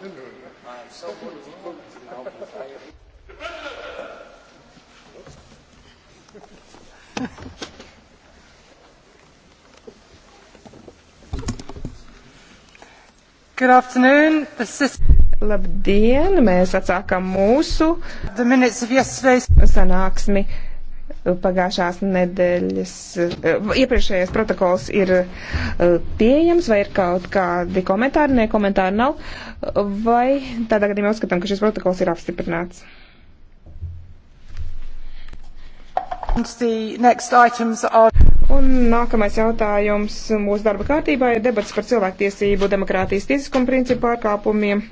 Good afternoon. The system. Labdien! Mēs atsākam mūsu sanāksmi pagājušās nedēļas, eh, iepriekšējais protokols ir eh, pieejams, vai ir kaut kādi komentāri, ne komentāri nav, vai tādā gadījumā uzskatām, ka šis protokols ir apstiprināts. Un nākamais jautājums mūsu darba kārtībā ir debats par cilvēktiesību, demokrātijas tiesiskumu principu pārkāpumiem.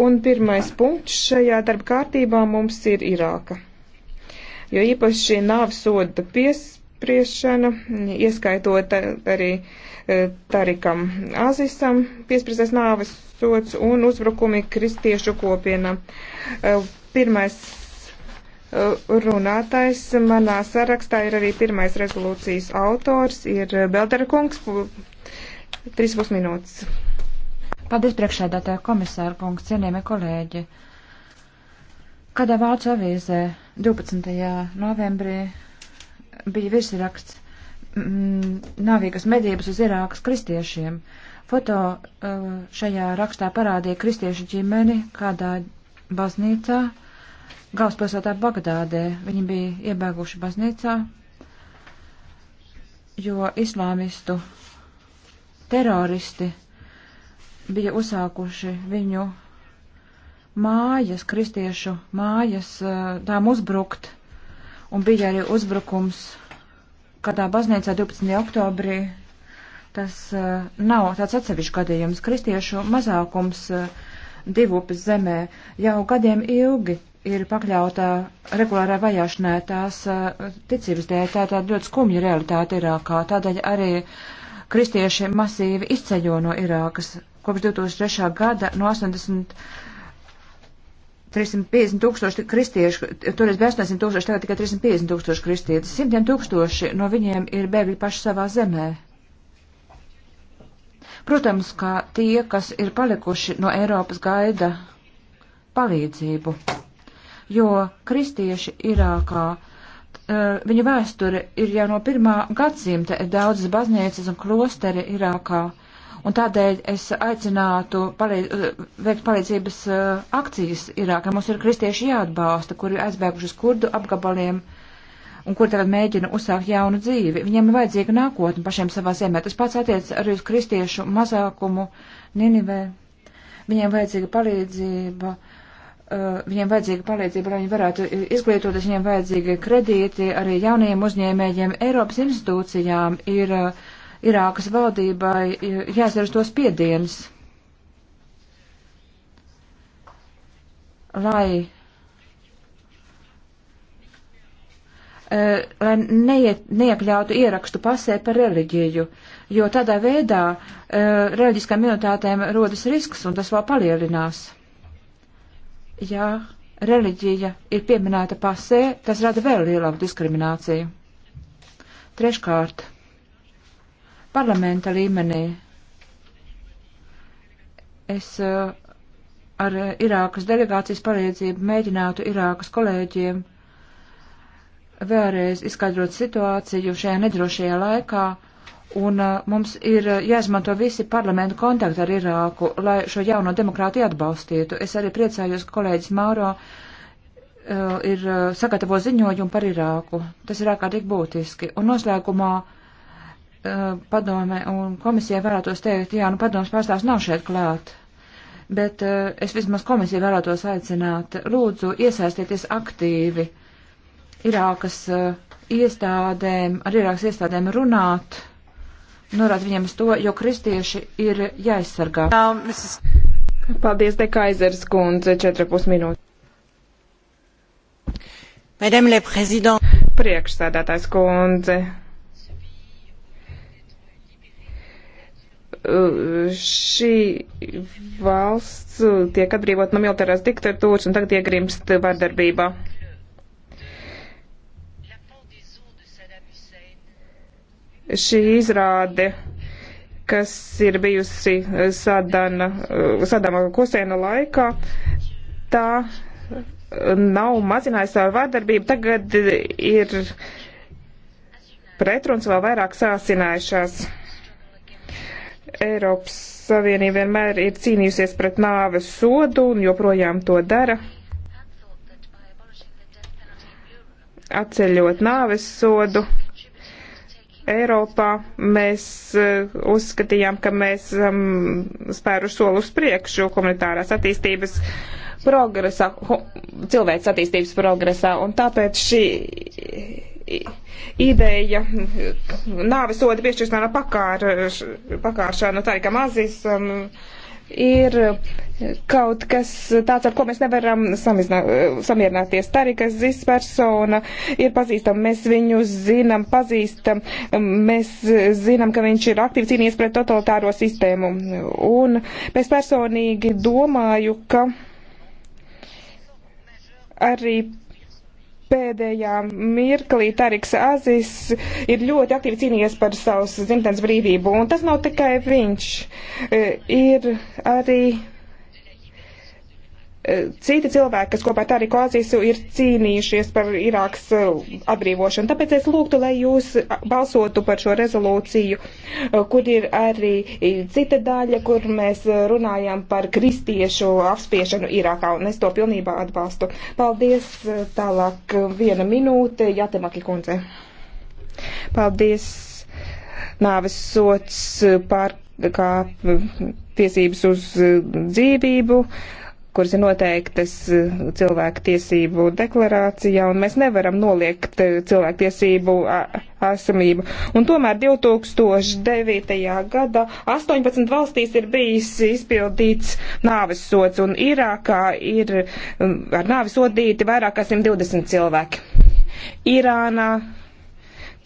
Un pirmais punkts šajā darba kārtībā mums ir Irāka jo īpaši nāvsoda piespriešana, ieskaitot arī e, Tarikam Azisam, piespriestais nāves sots un uzbrukumi kristiešu kopienam. E, pirmais e, runātais manā sarakstā ir arī pirmais rezolūcijas autors, ir Beldera kungs, 3,5 minūtes. Paldies priekšēdātāja komisāra kungs, cienījami kolēģi. Uh, Kādā vācu avīzē 12. novembrī bija virsraksts mm, navīgas medības uz Irākas kristiešiem. Foto uh, šajā rakstā parādīja kristiešu ģimeni kādā baznīcā galvaspilsētā Bagdādē. Viņi bija iebēguši baznīcā, jo islāmistu teroristi bija uzsākuši viņu mājas, kristiešu mājas, tām uzbrukt. Un bija arī uzbrukums kādā baznīcā 12. oktobrī. Tas nav tāds atsevišķs gadījums. Kristiešu mazākums divupes zemē jau gadiem ilgi ir pakļautā regulārā vajāšanai tās ticības dēļ. Tā ir tāda ļoti skumja realitāte Irākā. Tādēļ arī kristieši masīvi izceļo no Irākas. Kopš 2003. gada no 80 350 tūkstoši kristiešu, toreiz bija 800 tūkstoši, tagad tikai 350 tūkstoši kristieši. Simtiem tūkstoši no viņiem ir bēgļi paši savā zemē. Protams, ka tie, kas ir palikuši no Eiropas, gaida palīdzību, jo kristieši Irākā eh, viņu vēsture ir jau no pirmā gadsimta, ir daudzas baznīcas un klosteri Irākā. Ir Un tādēļ es aicinātu palīd, veikt palīdzības uh, akcijas Irākā. Mums ir kristieši jāatbalsta, kuri aizbēguši uz kurdu apgabaliem un kur tagad mēģina uzsākt jaunu dzīvi. Viņiem ir vajadzīga nākotne pašiem savā zemē. Tas pats attiec arī uz kristiešu mazākumu Ninivē. Viņiem vajadzīga palīdzība. Uh, viņiem vajadzīga palīdzība, lai viņi varētu izglītoties, viņiem vajadzīgi kredīti arī jaunajiem uzņēmējiem. Eiropas institūcijām ir uh, Irākas valdībai jāizdara tos piediens, lai, eh, lai neiet, neiekļautu ierakstu pasē par reliģiju, jo tādā veidā eh, reliģiskām minoritātēm rodas risks un tas vēl palielinās. Jā, reliģija ir pieminēta pasē, tas rada vēl lielāku diskrimināciju. Treškārt parlamenta līmenī. Es eh, ar Irākas delegācijas palīdzību mēģinātu Irākas kolēģiem vēlreiz izskaidrot situāciju šajā nedrošajā laikā, un eh, mums ir jāizmanto visi parlamentu kontakti ar Irāku, lai šo jauno demokrātiju atbalstītu. Es arī priecājos, ka kolēģis Māro eh, ir sagatavo ziņojumu par Irāku. Tas ir ārkārtīgi būtiski. Un noslēgumā Uh, padome un komisija vēlētos teikt, jā, nu padoms pārstāvs nav šeit klāt, bet uh, es vismaz komisiju vēlētos aicināt, lūdzu, iesaistieties aktīvi Irākas uh, iestādēm, ar Irākas iestādēm runāt, norāda viņiem uz to, jo kristieši ir jāaizsargā. Paldies, te Kaizers kundze, 4,5 minūtes. Madame la Présidente. Priekšsēdētājs kundze. šī valsts tiek atbrīvot no militārās diktatūras un tagad iegrimst vardarbībā. Šī izrāde, kas ir bijusi Sadana, Sadama Kusēna laikā, tā nav mazinājusi savu vārdarbību, tagad ir pretruns vēl vairāk sāsinājušās Eiropas Savienība vienmēr ir cīnījusies pret nāves sodu un joprojām to dara. Atceļot nāves sodu Eiropā, mēs eh, uzskatījām, ka mēs esam um, spēruši soli uz priekšu komunitārās attīstības progresā, cilvēks attīstības progresā, un tāpēc šī ideja nāves soda piešķiršanā pakār, pakāršana, tā ir kā mazis, um, ir kaut kas tāds, ar ko mēs nevaram samiznā, samierināties. Tarikas zis persona ir pazīstama, mēs viņu zinām, pazīstam, mēs zinām, ka viņš ir aktīvi cīnījies pret totalitāro sistēmu. Un es personīgi domāju, ka arī pēdējā mirklī Tariks Azis ir ļoti aktīvi cīnījies par savas dzimtenes brīvību. Un tas nav tikai viņš. E, ir arī E, citi cilvēki, kas kopā ar Tariku Azīsu ir cīnījušies par Irākas e, atbrīvošanu. Tāpēc es lūgtu, lai jūs balsotu par šo rezolūciju, e, kur ir arī cita daļa, kur mēs runājam par kristiešu apspiešanu Irākā, un es to pilnībā atbalstu. Paldies, tālāk viena minūte, Jātemaki kundze. Paldies, nāves sots par kā tiesības uz dzīvību. Uh, kuras ir noteiktas eh, cilvēku tiesību deklarācijā, un mēs nevaram noliegt eh, cilvēku tiesību esamību. Un tomēr 2009. gada 18 valstīs ir bijis izpildīts nāves sots, un Irākā ir um, ar nāves sodīti vairāk kā 120 cilvēki. Irānā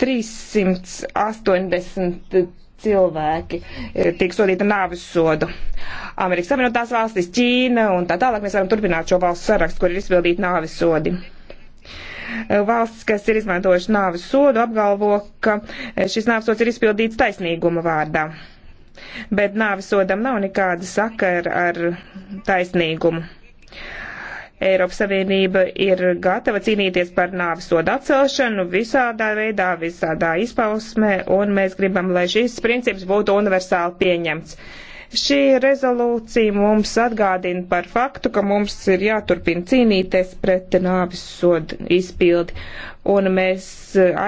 383 cilvēki tiek sodīti nāvis sodu. Amerikas Savienotās valstis, Ķīna un tā tālāk mēs varam turpināt šo valstu sarakstu, kur ir izpildīti nāvis sodi. Valsts, kas ir izmantojuši nāvis sodu, apgalvo, ka šis nāvis sods ir izpildīts taisnīguma vārdā. Bet nāvis sodam nav nekāda sakara ar taisnīgumu Eiropas Savienība ir gatava cīnīties par nāvis sodu atcelšanu visādā veidā, visādā izpausmē, un mēs gribam, lai šis princips būtu universāli pieņemts. Šī rezolūcija mums atgādina par faktu, ka mums ir jāturpina cīnīties pret nāvis sodu izpildi, un mēs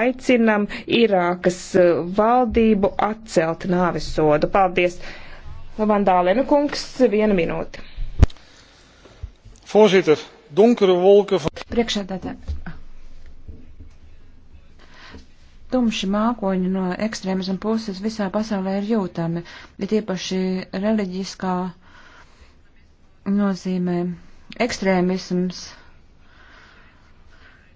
aicinam Irākas valdību atcelt nāvis sodu. Paldies! Vandālēna kungs, viena minūte. Voorzitter, donkere wolken van. Priekšsēdētāji. Tumši mākoņi no ekstrēmisma puses visā pasaulē ir jūtami, ir īpaši reliģiskā nozīmē ekstrēmisms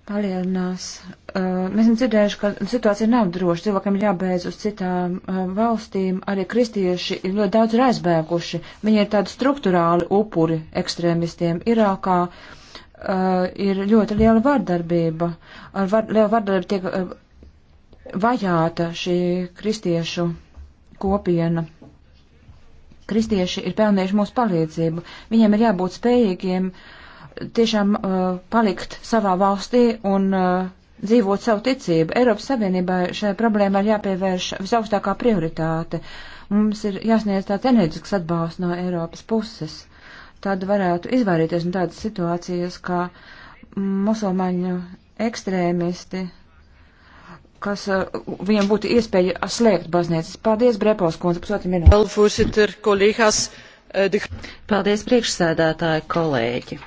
palielinās. Uh, mēs esam dzirdējuši, ka situācija nav droša. Cilvēkiem ir jābeidz uz citām uh, valstīm. Arī kristieši ir ļoti daudz ir aizbēguši. Viņi ir tādi struktūrāli upuri ekstrēmistiem Irākā. Uh, ir ļoti liela vardarbība. Ar var, lielu vardarbību tiek uh, vajāta šī kristiešu kopiena. Kristieši ir pelnījuši mūsu palīdzību. Viņiem ir jābūt spējīgiem uh, tiešām uh, palikt savā valstī un uh, dzīvot savu ticību. Eiropas Savienībai šai problēmai ir jāpievērš visaugstākā prioritāte. Mums ir jāsniedz tāds enerģisks atbalsts no Eiropas puses. Tad varētu izvairīties no tādas situācijas, kā musulmaņu ekstrēmisti, kas uh, viņam būtu iespēja slēgt baznīcas. Paldies, Brepos kundze, pusotru minūti. Paldies, eh, priekšsēdētāji, kolēģi.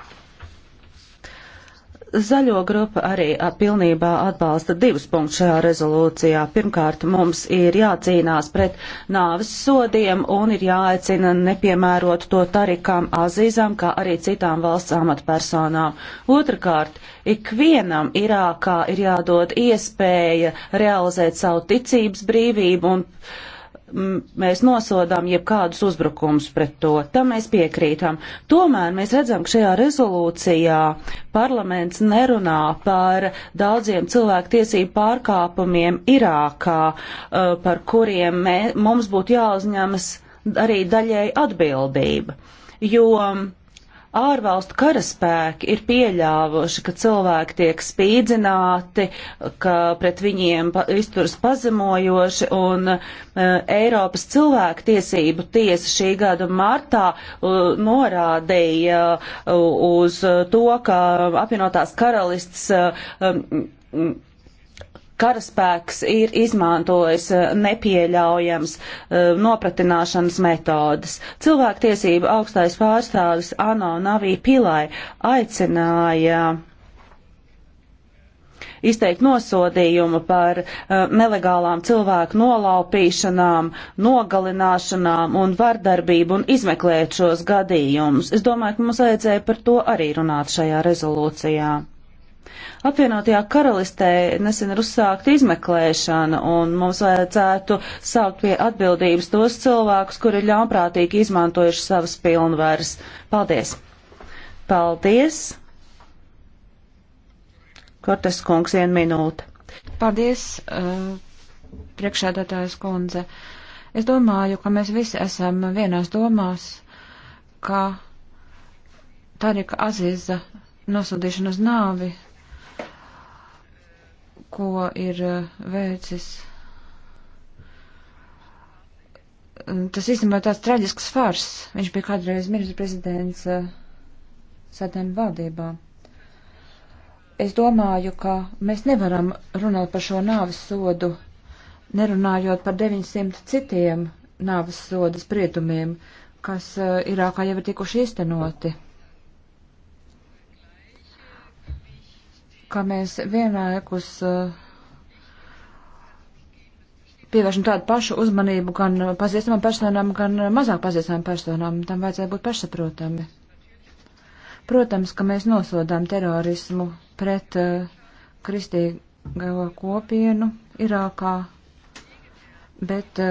Zaļo grupa arī pilnībā atbalsta divus punktus šajā rezolūcijā. Pirmkārt, mums ir jācīnās pret nāves sodiem un ir jāaicina nepiemērot to tarikām azīzām, kā arī citām valsts amatpersonām. Otrakārt, ikvienam Irākā ir jādod iespēja realizēt savu ticības brīvību un uh, mēs nosodām jebkādus uzbrukumus pret to. Tam mēs piekrītam. Tomēr mēs redzam, ka šajā rezolūcijā parlaments nerunā par daudziem cilvēku tiesību pārkāpumiem Irākā, e, par kuriem mē, mums būtu jāuzņemas arī daļēji atbildība. Jo ārvalstu karaspēki ir pieļāvuši, ka cilvēki tiek spīdzināti, ka pret viņiem izturas pazemojoši, un uh, Eiropas cilvēku tiesību tiesa šī gada martā uh, norādīja uh, uz to, ka apvienotās karalists um, karaspēks ir izmantojis eh, nepieļaujams eh, nopratināšanas metodas. Cilvēktiesība augstais pārstāvis Ano Navī Pilai aicināja izteikt nosodījumu par uh, nelegālām cilvēku nolaupīšanām, nogalināšanām un vardarbību un izmeklēt šos gadījumus. Es domāju, ka mums vajadzēja par to arī runāt šajā rezolūcijā. Apvienotajā karalistē nesen ir uzsākta izmeklēšana, un mums vajadzētu saukt pie atbildības tos cilvēkus, kuri ļaunprātīgi izmantojuši savas pilnvaras. Paldies! Paldies! Kortes kungs, vien minūte. Paldies, uh, eh, priekšēdētājas kundze. Es domāju, ka mēs visi esam vienās domās, ka Tarika Aziza nosūtīšana uz nāvi ko ir eh, veicis. Tas īstenībā tāds traģisks fars. Viņš bija kādreiz miris prezidents eh, sadēm valdībā. Es domāju, ka mēs nevaram runāt par šo nāvis sodu, nerunājot par 900 citiem nāvis sodas prietumiem, kas eh, Irākā jau ir tikuši īstenoti. Mm. ka mēs vienlaikus eh, pievēršam tādu pašu uzmanību gan pazīstamām personām, gan mazāk pazīstamām personām. Tam vajadzēja būt pašsaprotami. Protams, ka mēs nosodām terorismu pret eh, kristīgo kopienu Irākā, bet uh,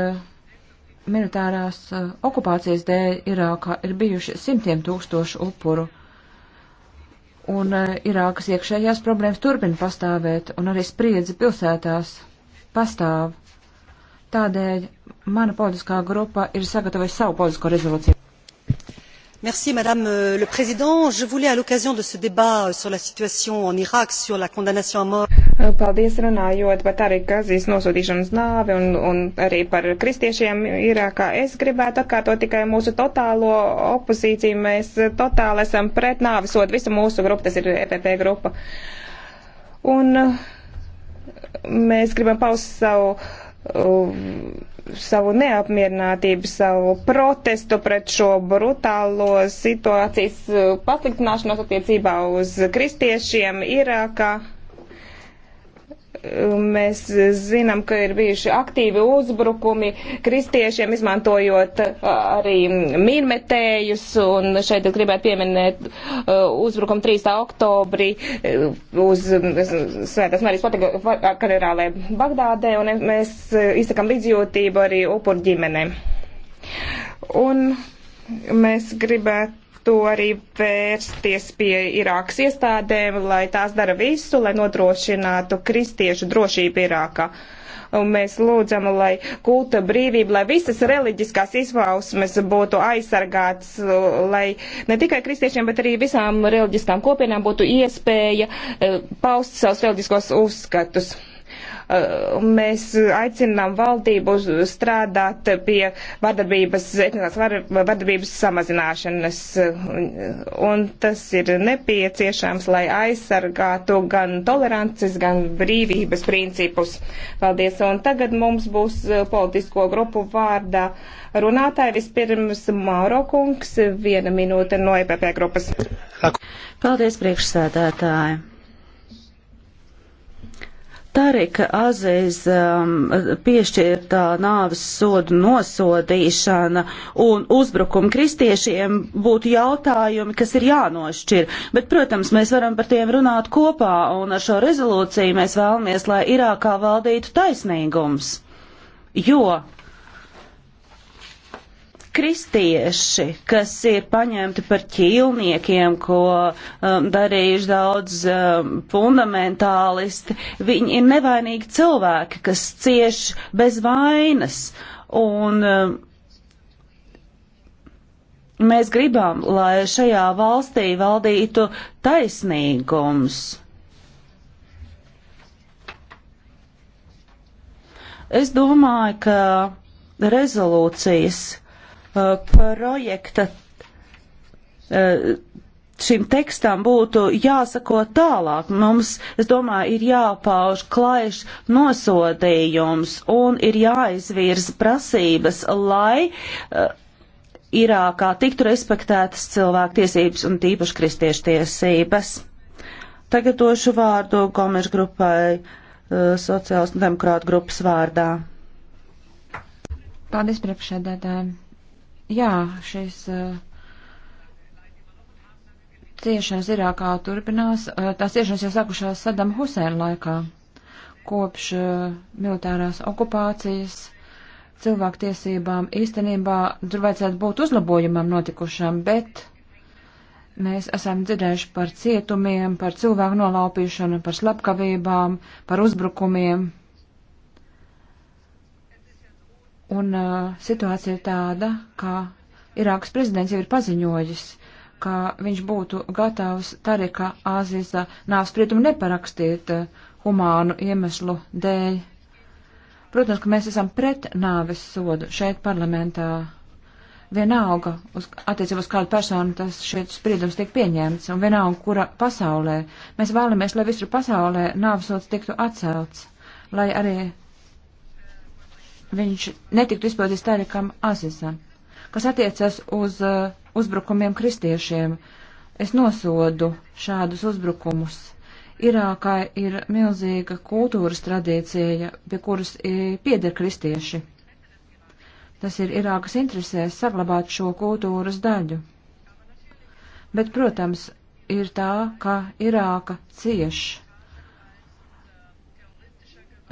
militārās uh, okupācijas dēļ Irākā ir bijuši simtiem tūkstošu upuru un e, Irākas iekšējās problēmas turpina pastāvēt, un arī spriedzi pilsētās pastāv. Tādēļ mana politiskā grupa ir sagatavojusi savu politisko rezolūciju. Merci, Madame e, le Président. Je voulais, à l'occasion de ce débat e, sur la situation en Irak, sur la condamnation à mort. Paldies runājot par arī Gazijas nosūtīšanu uz nāvi un, un arī par kristiešiem Irākā. Es gribētu atkārtot tikai mūsu totālo opozīciju. Mēs totāli esam pret nāvisot. Visa mūsu grupa, tas ir EPP grupa. Un uh, mēs gribam paust savu. Uh, savu neapmierinātību, savu protestu pret šo brutālo situācijas uh, pasliktināšanos attiecībā uz kristiešiem Irākā. Ir, Mēs zinām, ka ir bijuši aktīvi uzbrukumi kristiešiem, izmantojot uh, arī mīnmetējus, un šeit es gribētu pieminēt uh, uzbrukumu 3. oktobrī uh, uz um, Svētās Marijas katedrālē Bagdādē, un mēs izsakam līdzjūtību arī upur ģimenēm. Un mēs gribētu to arī vērsties pie Irākas iestādēm, lai tās dara visu, lai nodrošinātu kristiešu drošību Irākā. Un mēs lūdzam, lai kulta brīvība, lai visas reliģiskās izpausmes būtu aizsargāts, lai ne tikai kristiešiem, bet arī visām reliģiskām kopienām būtu iespēja eh, paust savus reliģiskos uzskatus. Eh, mēs aicinām valdību strādāt pie vardarbības, etniskās vardarbības samazināšanas, un tas ir nepieciešams, lai aizsargātu gan tolerances, gan brīvības principus. Paldies, un tagad mums būs eh, politisko grupu vārdā runātāji. Vispirms Mauro kungs, viena minūte no EPP grupas. Paldies, priekšsēdētāji. Tarika Azēz um, piešķirtā nāves sodu nosodīšana un uzbrukumi kristiešiem būtu jautājumi, kas ir jānošķir. Bet, protams, mēs varam par tiem runāt kopā, un ar šo rezolūciju mēs vēlamies, lai Irākā valdītu taisnīgums. Jo kristieši, kas ir paņemti par ķīlniekiem, ko um, darījuši daudz um, fundamentālisti, viņi ir nevainīgi cilvēki, kas cieš bez vainas. Un, um, Mēs gribam, lai šajā valstī valdītu taisnīgums. Es domāju, ka rezolūcijas Uh, projekta uh, šim tekstam būtu jāsako tālāk. Mums, es domāju, ir jāpauž klaišs nosodījums un ir jāizvirza prasības, lai uh, Irākā tiktu respektētas cilvēktiesības un tīpaši kristiešu tiesības. Tagad došu vārdu Gomes grupai uh, sociālas un demokrāta grupas vārdā. Paldies, priekšsēdētāji. Jā, šis uh, ciešanas Irākā turpinās. Uh, tās ciešanas jau sākušās Sadam Husēna laikā, kopš uh, militārās okupācijas cilvēktiesībām īstenībā tur vajadzētu būt uzlabojumam notikušam, bet mēs esam dzirdējuši par cietumiem, par cilvēku nolaupīšanu, par slepkavībām, par uzbrukumiem. Un uh, situācija ir tāda, ka Irākas prezidents jau ir paziņojis, ka viņš būtu gatavs Tarika Āzīza nāves spriedumu neparakstīt uh, humānu iemeslu dēļ. Protams, ka mēs esam pret nāves sodu šeit parlamentā. Vienalga, uz, attiecībā uz kādu personu tas šeit spriedums tiek pieņemts, un vienalga, kura pasaulē. Mēs vēlamies, lai visur pasaulē nāves sods tiktu atcelts, lai arī viņš netiktu izpildīts Tarikam Azizam, kas attiecas uz uh, uzbrukumiem kristiešiem. Es nosodu šādus uzbrukumus. Irākā ir milzīga kultūras tradīcija, pie kuras pieder kristieši. Tas ir Irākas interesēs saglabāt šo kultūras daļu. Bet, protams, ir tā, ka Irāka cieš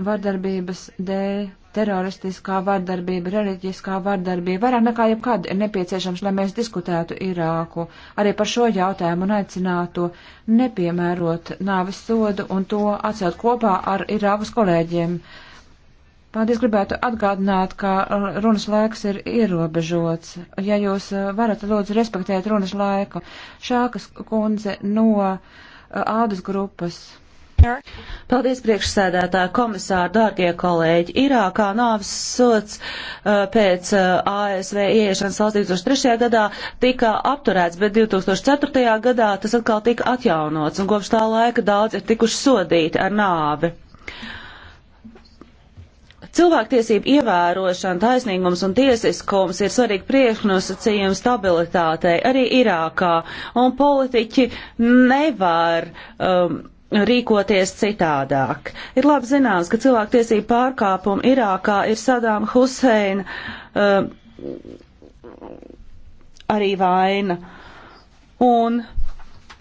vardarbības dēļ teroristiskā vardarbība, reliģiskā vardarbība, vairāk nekā jebkad ir nepieciešams, lai mēs diskutētu Irāku arī par šo jautājumu un aicinātu nepiemērot nāvis sodu un to atcelt kopā ar Irākas kolēģiem. Paldies, gribētu atgādināt, ka runas laiks ir ierobežots. Ja jūs varat, lūdzu, respektēt runas laiku. Šākas kundze no ādas grupas. Paldies, priekšsēdētāja komisāra, dārgie kolēģi. Irākā nāves sots uh, pēc uh, ASV ieiešanas valsts 2003. gadā tika apturēts, bet 2004. gadā tas atkal tika atjaunots, un kopš tā laika daudz ir tikuši sodīti ar nāvi. Cilvēktiesību ievērošana, taisnīgums un tiesiskums ir svarīgi priekšnosacījumi stabilitātei arī Irākā, un politiķi nevar. Um, rīkoties citādāk. Ir labi zināms, ka cilvēktiesība pārkāpuma Irākā ir Sadām Huseina uh, eh, arī vaina. Un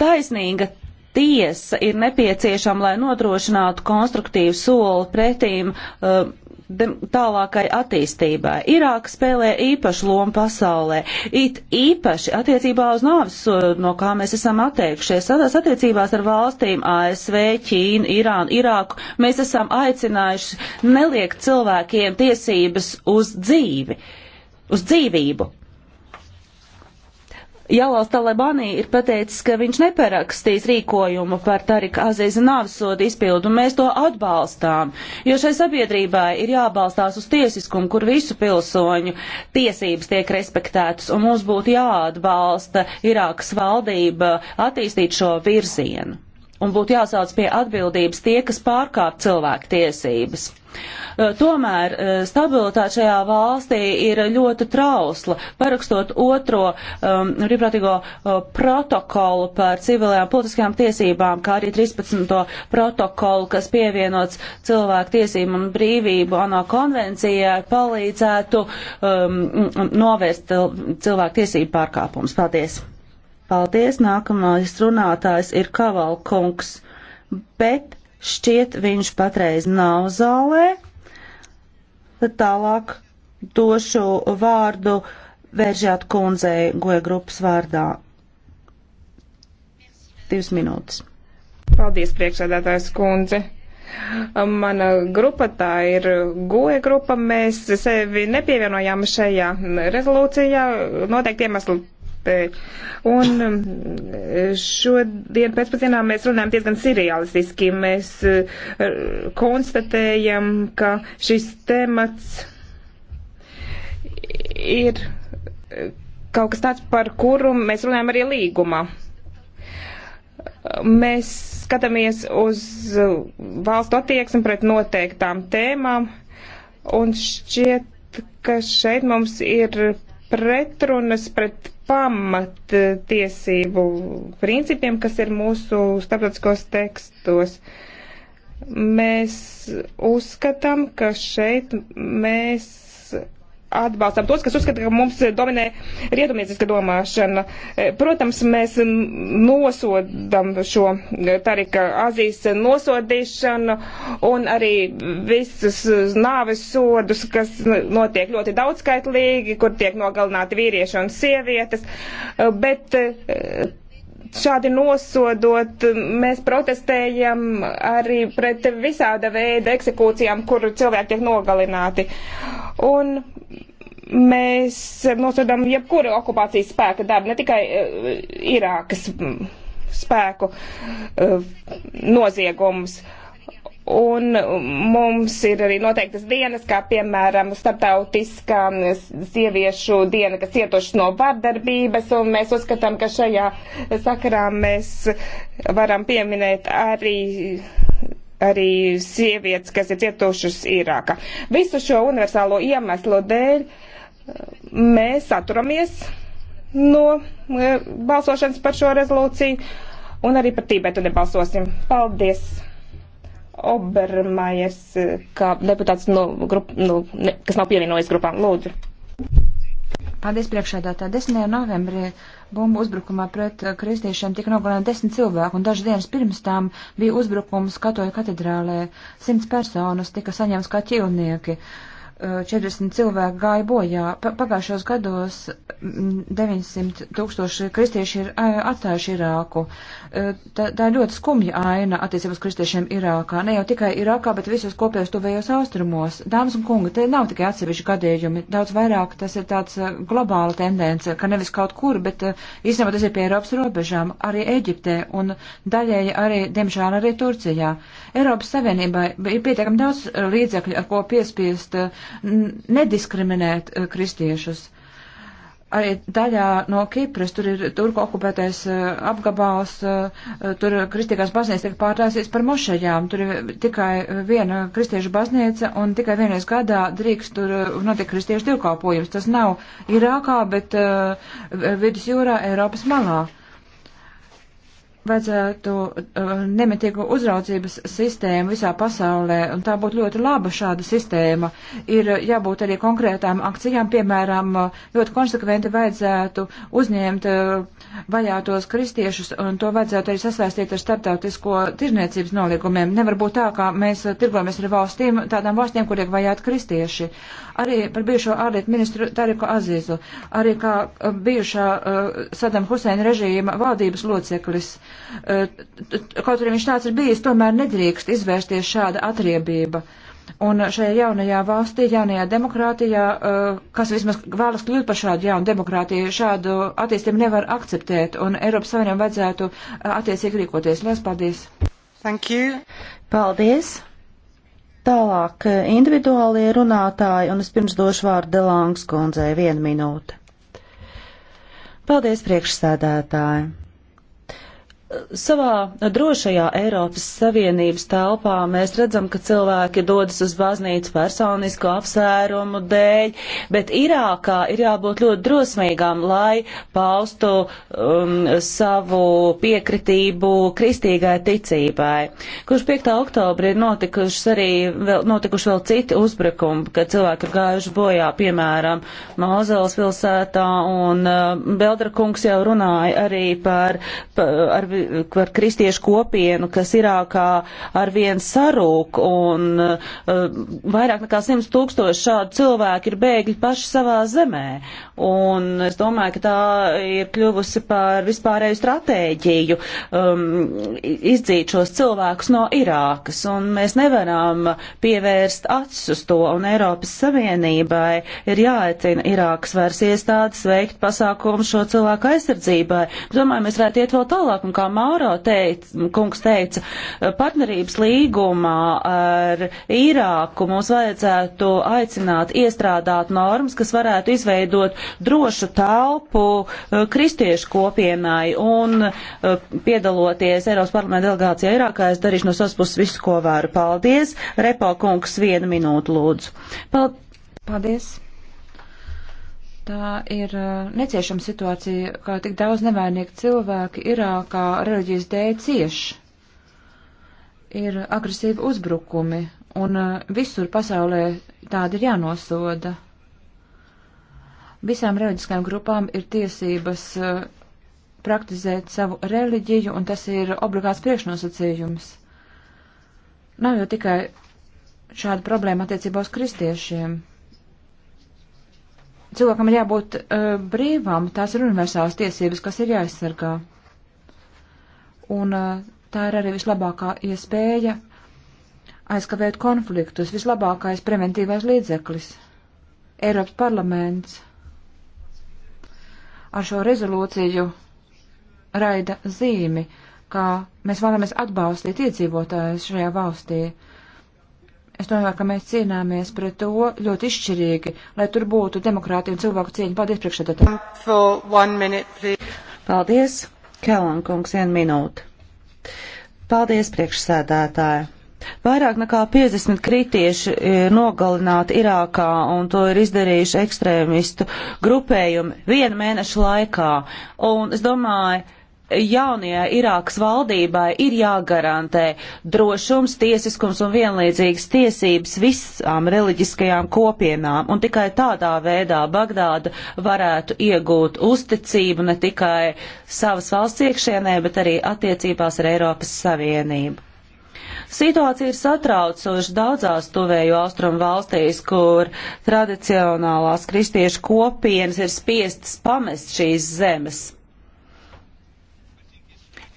taisnīga tiesa ir nepieciešama, lai nodrošinātu konstruktīvu soli pretīm uh, tālākai attīstībai. Irāka spēlē īpašu lomu pasaulē, it īpaši attiecībā uz nāvis, no kā mēs esam atteikušies. Tādās attiecībās ar valstīm ASV, Ķīnu, Irānu, Irāku mēs esam aicinājuši neliekt cilvēkiem tiesības uz dzīvi, uz dzīvību. Jālals Talebanī ir pateicis, ka viņš neparakstīs rīkojumu par Tarika Azēza nāvisodu izpildu, un mēs to atbalstām, jo šai sabiedrībai ir jābalstās uz tiesiskumu, kur visu pilsoņu tiesības tiek respektētas, un mums būtu jāatbalsta Irākas valdība attīstīt šo virzienu un būtu jāsauc pie atbildības tie, kas pārkāp cilvēku tiesības. E, tomēr e, stabilitāte šajā valstī ir ļoti trausla. Parakstot otro um, brīvprātīgo uh, protokolu par civilajām politiskajām tiesībām, kā arī 13. protokolu, kas pievienots cilvēku tiesībām un brīvību ANO konvencijā, palīdzētu um, novērst um, cilvēku tiesību pārkāpumus. Paldies! Paldies, nākamais runātājs ir Kavalkungs, bet šķiet viņš patreiz nav zālē. Tad tālāk došu vārdu Vēržāt kundzei goja grupas vārdā. Divas minūtes. Paldies, priekšsēdētājs kundze. Mana grupa tā ir goja grupa. Mēs sevi nepievienojām šajā rezolūcijā. Noteikti iemesli pēc. Un um, šodien pēcpazienā mēs runājam diezgan seriālistiski. Mēs uh, konstatējam, ka šis temats ir uh, kaut kas tāds, par kuru mēs runājam arī līgumā. Mēs skatāmies uz uh, valstu attieksmi pret noteiktām tēmām, un šķiet, ka šeit mums ir pretrunas pret pamattiesību principiem, kas ir mūsu starptautiskos tekstos. Mēs uzskatām, ka šeit mēs atbalstam tos, kas uzskata, ka mums dominē rietumieciska domāšana. E, protams, mēs nosodam šo Tarika Azijas nosodīšanu un arī visus nāves sodus, kas notiek ļoti daudzskaitlīgi, kur tiek nogalināti vīrieši un sievietes, e, bet e, šādi nosodot, mēs protestējam arī pret visāda veida eksekūcijām, kur cilvēki tiek nogalināti. Un mēs nosodām jebkuru okupācijas spēka darbu, ne tikai eh, Irākas mm, spēku eh, noziegumus. Uh, Un mums ir arī noteiktas dienas, kā piemēram starptautiskā sieviešu diena, kas ietošas no vardarbības, un mēs uzskatām, ka šajā sakarā mēs varam pieminēt arī arī sievietes, kas ir cietušas Irākā. Visu šo universālo iemeslu dēļ uh, mēs saturamies no uh, balsošanas par šo rezolūciju un arī par Tībetu nebalsosim. Paldies! Obermajers, kā deputāts, no grup, no, ne, kas nav pievienojies grupām. Lūdzu. Paldies priekšādātā. 10. novembrī bumbu uzbrukumā pret uh, kristiešiem tika nogalināti desmit cilvēki, un dažas dienas pirms tam bija uzbrukums Katoja katedrālē. Simts personas tika saņemts kā ķīlnieki. Uh, 40 cilvēku gāja bojā. Pagājušos gados 900 tūkstoši kristieši ir atstājuši Irāku. Tā, tā ir ļoti skumja aina attiecības kristiešiem Irākā. Ne jau tikai Irākā, bet visos kopējos tuvējos austrumos. Dāmas un kungi, te nav tikai atsevišķi gadījumi. Daudz vairāk tas ir tāds globāla tendence, ka nevis kaut kur, bet īstenībā tas ir pie Eiropas robežām, arī Eģiptē un daļēji arī, diemžēl, arī Turcijā. Eiropas Savienībai ir pietiekami daudz līdzekļu, ar ko piespiest uh, nediskriminēt eh, kristiešus. Arī daļā no Kipras, tur ir turku okupētais eh, apgabals, eh, tur kristīgās baznīcas tiek pārtaisīts par mošajām, tur ir tikai viena kristiešu baznīca un tikai vienreiz gadā drīkst tur notiek kristiešu divkalpojums. Tas nav Irākā, bet uh, vidusjūrā Eiropas malā. Uh, vajadzētu uh, nemitīgu uzraudzības sistēmu visā pasaulē, un tā būtu ļoti laba šāda sistēma. Ir uh, jābūt arī konkrētām akcijām, piemēram, uh, ļoti konsekventi vajadzētu uzņemt uh, vajātos kristiešus, un to vajadzētu arī sasaistīt ar starptautisko tirzniecības nolīgumiem. Nevar būt tā, ka mēs uh, tirgojamies ar valstīm, tādām valstīm, kur tiek vajāti kristieši. Arī par bijušo ārlietu ministru Tariku Azīzu, arī kā bijušā uh, Sadam Huseina režīma valdības loceklis. Uh, Eh, kaut arī viņš tāds ir bijis, tomēr nedrīkst izvērsties šāda atriebība. Un šajā jaunajā valstī, jaunajā demokrātijā, eh, kas vismaz vēlas kļūt par šādu jaunu demokrātiju, šādu attīstību nevar akceptēt, un Eiropas Savienībām vajadzētu eh, attiecīgi rīkoties. Lielas paldies! Thank you! Paldies! Tālāk individuālie runātāji, un es pirms došu vārdu Delāngas kundzei vienu minūti. Paldies priekšsēdētāji! Savā drošajā Eiropas Savienības telpā mēs redzam, ka cilvēki dodas uz baznīcu personisku apsvērumu dēļ, bet Irākā ir jābūt ļoti drosmīgām, lai paustu um, savu piekritību kristīgai ticībai. Kurš 5. oktobrī ir notikuši arī vēl, notikuši vēl citi uzbrukumi, kad cilvēki ir gājuši bojā, piemēram, Mauzels pilsētā, un uh, Beldrakungs jau runāja arī par, par ar par kristiešu kopienu, kas Irākā ar vien sarūk, un eh, vairāk nekā 100 tūkstoši šādu cilvēku ir bēgļi paši savā zemē. Un es domāju, ka tā ir kļuvusi par vispārēju stratēģiju um, izdzīt šos cilvēkus no Irākas, un mēs nevaram pievērst acis uz to, un Eiropas Savienībai ir jāaicina Irākas varas iestādes veikt pasākumu šo cilvēku aizsardzībai. Domāju, mēs varētu iet vēl tālāk, un kā Mauro teica, kungs teica, partnerības līgumā ar Irāku mums vajadzētu aicināt iestrādāt normas, kas varētu izveidot drošu telpu uh, kristiešu kopienai un uh, piedaloties Eiropas parlamenta delegācijā Irākā, es darīšu no savas puses visu, ko varu. Paldies! Repo kungs, vienu minūtu lūdzu. Paldies! Tā ir neciešama situācija, kā tik daudz nevainīgi cilvēki Irākā reliģijas dēļ cieš. Ir agresīvi uzbrukumi, un visur pasaulē tādi ir jānosoda. Visām reliģiskajām grupām ir tiesības praktizēt savu reliģiju, un tas ir obligāts priekšnosacījums. Nav jau tikai šāda problēma attiecībā uz kristiešiem cilvēkam ir jābūt uh, brīvam, tās ir universālas tiesības, kas ir jāaizsargā. Un uh, tā ir arī vislabākā iespēja aizkavēt konfliktus, vislabākais preventīvais līdzeklis. Eiropas parlaments ar šo rezolūciju raida zīmi, ka mēs vēlamies atbalstīt iedzīvotājus šajā valstī. Uh, Es domāju, ka mēs cīnāmies pret to ļoti izšķirīgi, lai tur būtu demokrātija un cilvēku cieņa. Paldies, priekšsēdētāji. Paldies, Kelan kungs, vienu minūti. Paldies, priekšsēdētāji. Vairāk nekā 50 kritieši ir nogalināti Irākā, un to ir izdarījuši ekstrēmistu grupējumi vienu mēnešu laikā. Un es domāju, jaunajai Irākas valdībai ir jāgarantē drošums, tiesiskums un vienlīdzīgas tiesības visām reliģiskajām kopienām, un tikai tādā veidā Bagdāda varētu iegūt uzticību ne tikai savas valsts iekšienē, bet arī attiecībās ar Eiropas Savienību. Situācija ir satraucoša daudzās tuvēju austrumu valstīs, kur tradicionālās kristiešu kopienas ir spiestas pamest šīs zemes.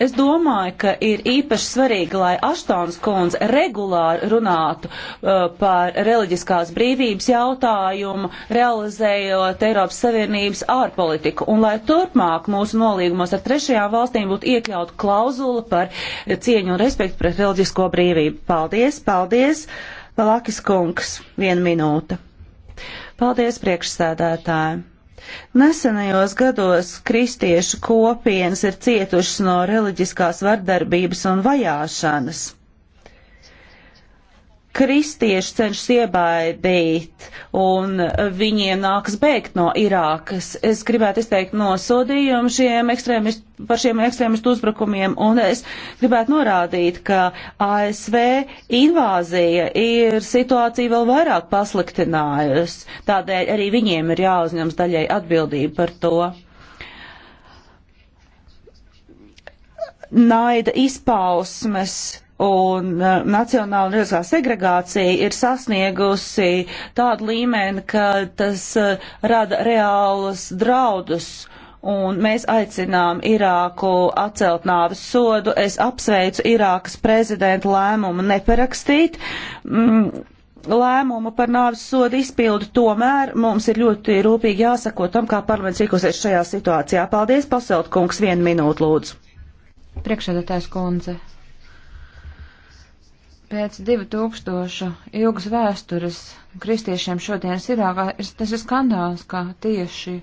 Es domāju, ka ir īpaši svarīgi, lai Aštons kundze regulāri runātu uh, par reliģiskās brīvības jautājumu, realizējot Eiropas Savienības ārpolitiku, un lai turpmāk mūsu nolīgumos ar trešajām valstīm būtu iekļaut klauzula par cieņu un respektu pret reliģisko brīvību. Paldies, paldies, Lakis kungs, viena minūte. Paldies, priekšsēdētāji. Nesenajos gados kristiešu kopienas ir cietušas no reliģiskās vardarbības un vajāšanas kristieši cenšas iebaidīt un viņiem nāks bēgt no Irākas. Es gribētu izteikt nosodījumu šiem par šiem ekstrēmistu uzbrukumiem un es gribētu norādīt, ka ASV invāzija ir situāciju vēl vairāk pasliktinājusi. Tādēļ arī viņiem ir jāuzņems daļai atbildība par to. Naida izpausmes un uh, nacionāla un reliģiskā segregācija ir sasniegusi tādu līmeni, ka tas uh, rada reālus draudus. Un mēs aicinām Irāku atcelt nāves sodu. Es apsveicu Irākas prezidenta lēmumu neparakstīt. Mm, lēmumu par nāves sodu izpildu, tomēr mums ir ļoti rūpīgi jāsako tam, kā parlaments rīkosies šajā situācijā. Paldies, Paselt kungs, vienu minūtu lūdzu. Priekšsēdētājs kundze, Pēc 2000 ilgas vēstures kristiešiem šodienas Irākā ir, tas ir skandāls, ka tieši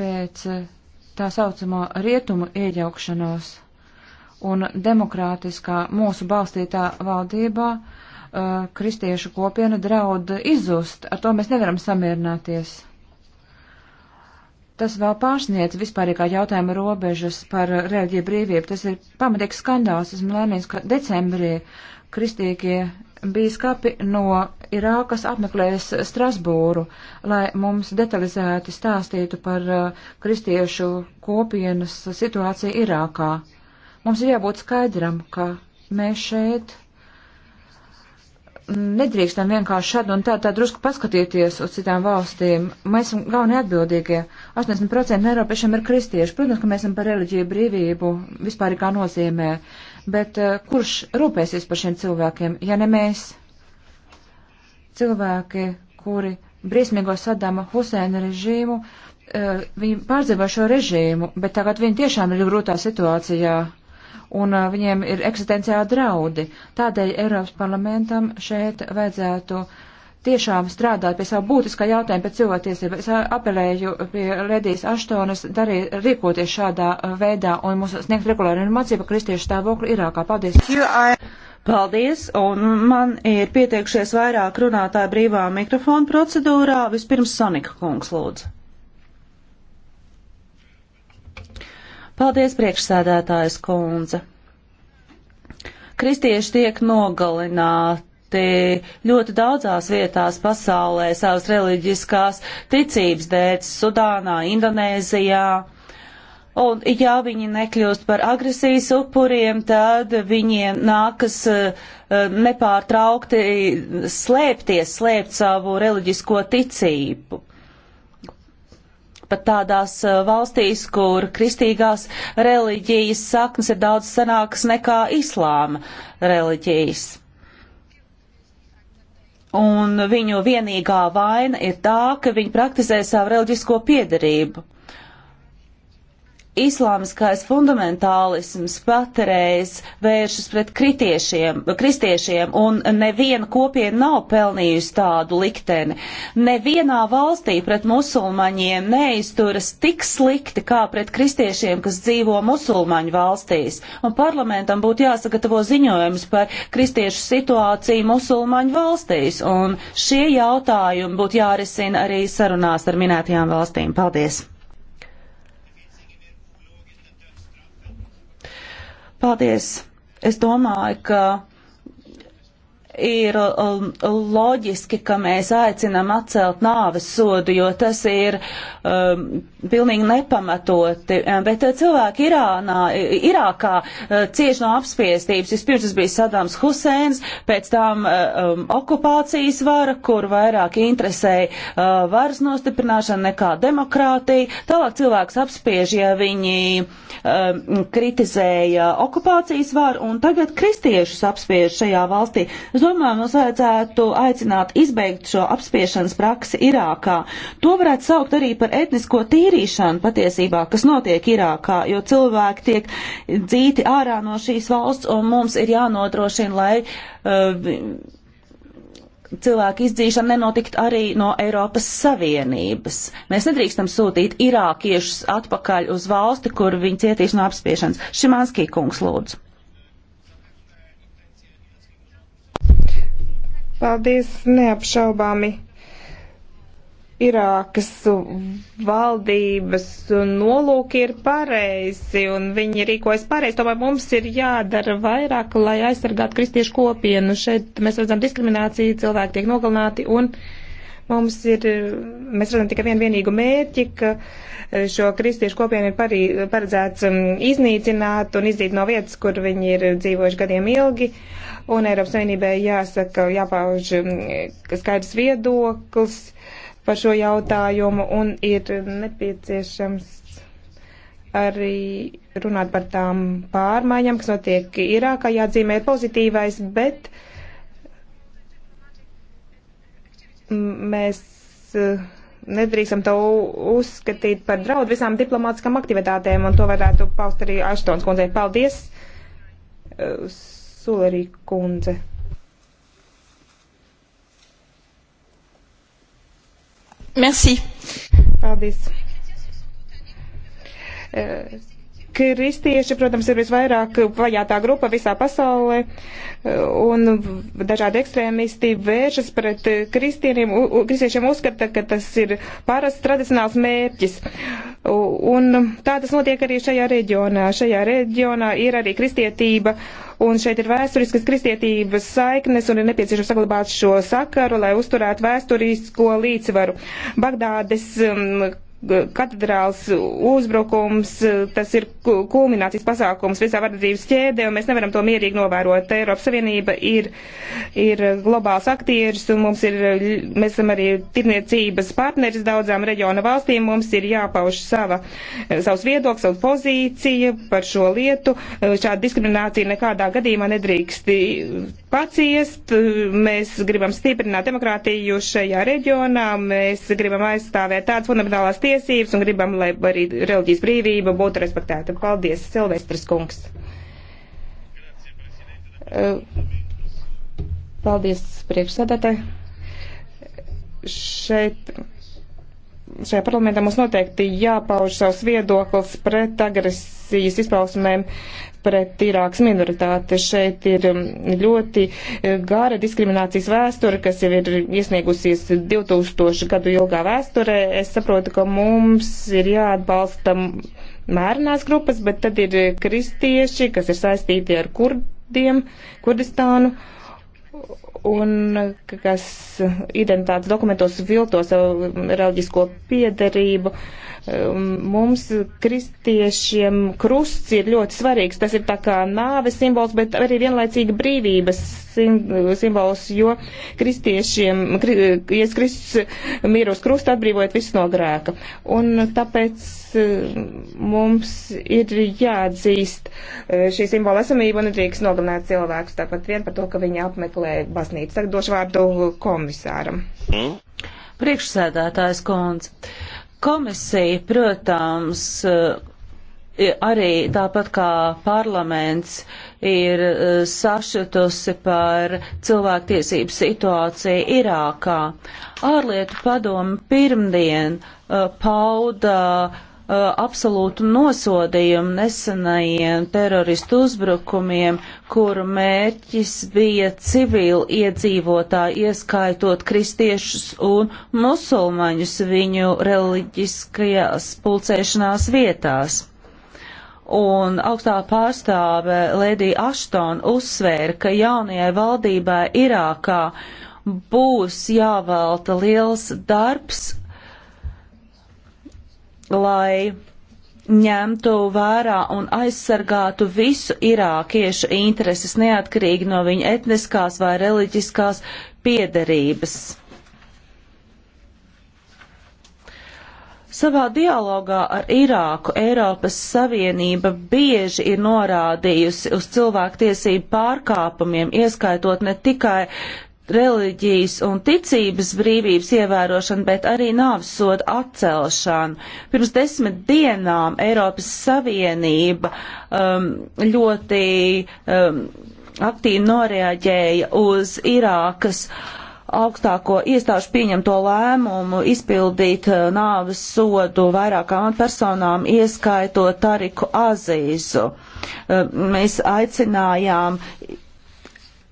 pēc eh, tā saucamo rietumu iejaukšanos un demokrātiskā mūsu balstītā valdībā uh, kristiešu kopiena draud izzust. Ar to mēs nevaram samierināties. Tas vēl pārsniedz vispārīgā jautājuma robežas par reliģiju brīvību. Tas ir pamatīgs skandāls. Esmu laimīgs, ka decembrī kristīgie bīskapi no Irākas apmeklēs Strasbūru, lai mums detalizēti stāstītu par uh, kristiešu kopienas situāciju Irākā. Mums ir jābūt skaidram, ka mēs šeit nedrīkstam vienkārši šad un tā, tā drusku paskatīties uz citām valstīm. Mēs esam galvenie atbildīgie. 80% Eiropiešiem ir kristieši. Protams, ka mēs esam par reliģiju brīvību vispār kā nozīmē. Uh, Bet eh, kurš rūpēsies par šiem cilvēkiem, ja ne mēs? Cilvēki, kuri briesmīgo Sadama Huseina režīmu, eh, viņi pārdzīvo šo režīmu, bet tagad viņi tiešām ir grūtā situācijā un eh, viņiem ir eksistenciāli draudi. Tādēļ Eiropas parlamentam šeit vajadzētu uh, tiešām strādāt pie savu būtiskā jautājuma pēc cilvēktiesību. Es apelēju pie Ledijas Aštonas darī, rīkoties šādā veidā un mums sniegt regulāru informāciju par kristiešu stāvokli Irākā. Paldies! Paldies, un man ir pieteikšies vairāk runātāju brīvā mikrofona procedūrā. Vispirms Sonika kungs lūdzu. Paldies, priekšsēdētājs kundze. Kristieši tiek nogalināti cietuši ļoti daudzās vietās pasaulē savas reliģiskās ticības dēļ - Sudānā, Indonēzijā. Un, ja viņi nekļūst par agresijas upuriem, tad viņiem nākas eh, nepārtraukti slēpties, slēpt savu reliģisko ticību. Pat tādās eh, valstīs, kur kristīgās reliģijas saknes ir daudz senākas nekā islāma reliģijas un viņu vienīgā vaina ir tā, ka viņi praktizē savu reliģisko piedarību islāmiskais fundamentālisms patreiz vēršas pret kristiešiem, un neviena kopiena nav pelnījusi tādu likteni. Nevienā valstī pret musulmaņiem neizturas tik slikti kā pret kristiešiem, kas dzīvo musulmaņu valstīs, un parlamentam būtu jāsagatavo ziņojums par kristiešu situāciju musulmaņu valstīs, un šie jautājumi būtu jārisina arī sarunās ar minētajām valstīm. Paldies! Paldies! Es domāju, ka ir um, loģiski, ka mēs aicinam atcelt nāves sodu, jo tas ir um, pilnīgi nepamatoti. Um, bet uh, cilvēki Irānā, Irākā uh, cieš no apspiestības. Vispirms tas bija Sadams Huseins, pēc tam uh, um, okupācijas vara, kur vairāk interesēja uh, varas nostiprināšana nekā demokrātija. Tālāk cilvēks apspiež, ja viņi um, kritizēja okupācijas varu, un tagad kristiešus apspiež šajā valstī. Es domāju, mums vajadzētu aicināt izbeigt šo apspiešanas praksi Irākā. To varētu saukt arī par etnisko tīrīšanu patiesībā, kas notiek Irākā, jo cilvēki tiek dzīti ārā no šīs valsts un mums ir jānodrošina, lai. Uh, cilvēku izdzīšana nenotikt arī no Eiropas Savienības. Mēs nedrīkstam sūtīt irākiešus atpakaļ uz valsti, kur viņi cietīs no apspiešanas. Šimanskī kungs lūdzu. Paldies, neapšaubāmi. Irākas valdības nolūki ir pareizi un viņi rīkojas pareizi. Tomēr mums ir jādara vairāk, lai aizsargātu kristiešu kopienu. Šeit mēs redzam diskrimināciju, cilvēki tiek nogalināti un. Uh, Mums ir, mēs redzam tikai vienu vienīgu mērķi, ka eh, šo kristiešu kopienu ir parī, paredzēts um, iznīcināt un izdīt no vietas, kur viņi ir dzīvojuši gadiem ilgi. Un Eiropas Savienībai jāsaka, jāpauž um, skaidrs viedoklis par šo jautājumu un ir nepieciešams arī runāt par tām pārmaiņām, kas notiek Irākā, jāatzīmē pozitīvais, bet uh, mēs eh, nedrīkstam to uzskatīt par draudu visām diplomātiskām aktivitātēm, un to varētu paust arī Aštons kundzei. Paldies, eh, Sulerī kundze. Merci. Paldies. Uh, Kristieši, protams, ir visvairāk vajātā grupa visā pasaulē, un dažādi ekstrēmisti vēršas pret kristiešiem, kristiešiem uzskata, ka tas ir parasts tradicionāls mērķis. Un tā tas notiek arī šajā reģionā. Šajā reģionā ir arī kristietība, un šeit ir vēsturiskas kristietības saiknes, un ir nepieciešams saglabāt šo sakaru, lai uzturētu vēsturisko līdzsvaru. Bagdādes um, katedrāls uzbrukums, tas ir kulminācijas pasākums visā vardarbības ķēdē, un mēs nevaram to mierīgi novērot. Eiropas Savienība ir, ir globāls aktieris, un mums ir, mēs esam arī tirniecības partneris daudzām reģiona valstīm, mums ir jāpauž sava, savs viedoklis, savu pozīciju par šo lietu. Šāda diskriminācija nekādā gadījumā nedrīkst paciest. Mēs gribam stiprināt demokrātiju šajā reģionā, mēs gribam aizstāvēt tādas fundamentālās tiesības, tiesības un gribam, lai arī reliģijas brīvība būtu respektēta. Paldies, Silvestris kungs. Eh, paldies, priekšsēdētāji. Šeit šajā parlamentā mums noteikti jāpauž savs viedoklis pret agresijas izpausmēm pret Irākas minoritāti. Šeit ir um, ļoti eh, gara diskriminācijas vēsture, kas jau ir iesniegusies 2000 gadu ilgā vēsturē. Es saprotu, ka mums ir jāatbalsta mērenās grupas, bet tad ir kristieši, kas ir saistīti ar kurdiem, Kurdistānu. Uh, un kas identitātes dokumentos vilto savu reliģisko piederību. Um, mums, kristiešiem, krusts ir ļoti svarīgs. Tas ir tā kā nāves simbols, bet arī vienlaicīgi brīvības simbols, jo kristiešiem, Jēzus Kristus mīra uz krustu, atbrīvojot visu no grēka. Un tāpēc mums ir jāatzīst e, šī simbola esamība un nedrīkst nogalināt cilvēkus. Tāpat vien par to, ka viņi apmeklē baznīcu. Tagad došu vārdu komisāram. Mm. Priekšsēdētājs Kons. Komisija, protams, e, arī tāpat kā parlaments ir e, sašutusi par cilvēktiesību situāciju Irākā. Ārlietu padomu pirmdien pauda uh, Uh, absolūtu nosodījumu nesenajiem teroristu uzbrukumiem, kuru mērķis bija civili iedzīvotāji, ieskaitot kristiešus un musulmaņus viņu reliģiskajās pulcēšanās vietās. Un augstā pārstāve Lēdija Aštona uzsvēra, ka jaunajai valdībai Irākā būs jāvelta liels darbs lai ņemtu vērā un aizsargātu visu irākiešu intereses neatkarīgi no viņa etniskās vai reliģiskās piederības. Savā dialogā ar Irāku Eiropas Savienība bieži ir norādījusi uz cilvēktiesību pārkāpumiem, ieskaitot ne tikai reliģijas un ticības brīvības ievērošanu, bet arī nāvsodu atcelšanu. Pirms desmit dienām Eiropas Savienība um, ļoti um, aktīvi noreaģēja uz Irākas augstāko iestāžu pieņemto lēmumu izpildīt uh, nāves sodu vairākām personām, ieskaitot Tariku Azīzu. Um, mēs aicinājām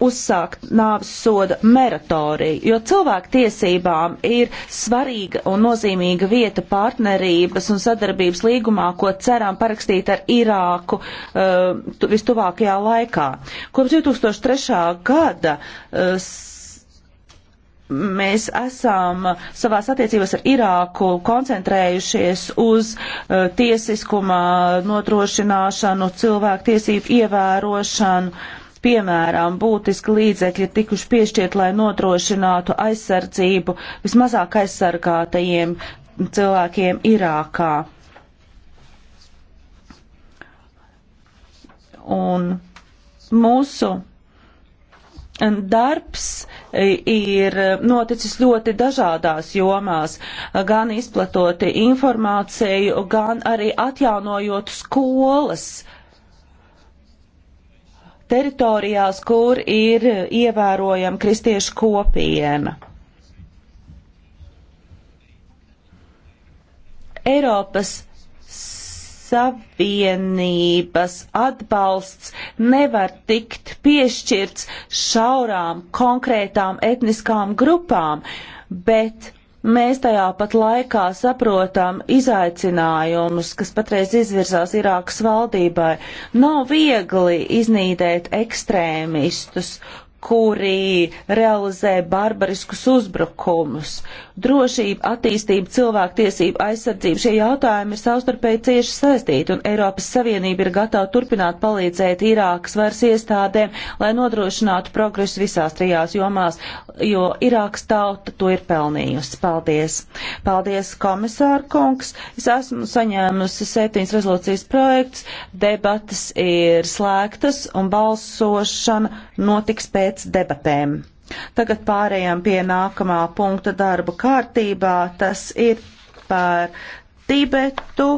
uzsākt nāvis soda meratoriju, jo cilvēku tiesībām ir svarīga un nozīmīga vieta partnerības un sadarbības līgumā, ko ceram parakstīt ar Irāku uh, vistuvākajā laikā. Kopš 2003. gada uh, mēs esam savās attiecībās ar Irāku koncentrējušies uz uh, tiesiskuma nodrošināšanu, cilvēku tiesību ievērošanu. Uh, Piemēram, būtiski līdzekļi ir tikuši piešķirt, lai nodrošinātu aizsardzību vismazāk aizsargātajiem cilvēkiem Irākā. Un mūsu darbs ir noticis ļoti dažādās jomās, gan izplatot informāciju, gan arī atjaunojot skolas. Uh, teritorijās, kur ir ievērojama kristiešu kopiena. Eiropas Savienības atbalsts nevar tikt piešķirts šaurām konkrētām etniskām grupām, bet Mēs tajā pat laikā saprotam izaicinājumus, kas patreiz izvirzās Irākas valdībai. Nav viegli iznīdēt ekstrēmistus, kuri realizē barbariskus uzbrukumus drošība, attīstība, cilvēktiesība, aizsardzība, šie jautājumi ir savstarpēji cieši saistīti, un Eiropas Savienība ir gatava turpināt palīdzēt Irākas varas iestādēm, lai nodrošinātu progresu visās trijās jomās, jo Irākas tauta to ir pelnījusi. Paldies! Paldies, komisāra kungs! Es esmu saņēmusi septiņas rezolūcijas projekts, debatas ir slēgtas, un balsošana notiks pēc debatēm. Tagad pārējām pie nākamā punkta darba kārtībā. Tas ir par Tibetu.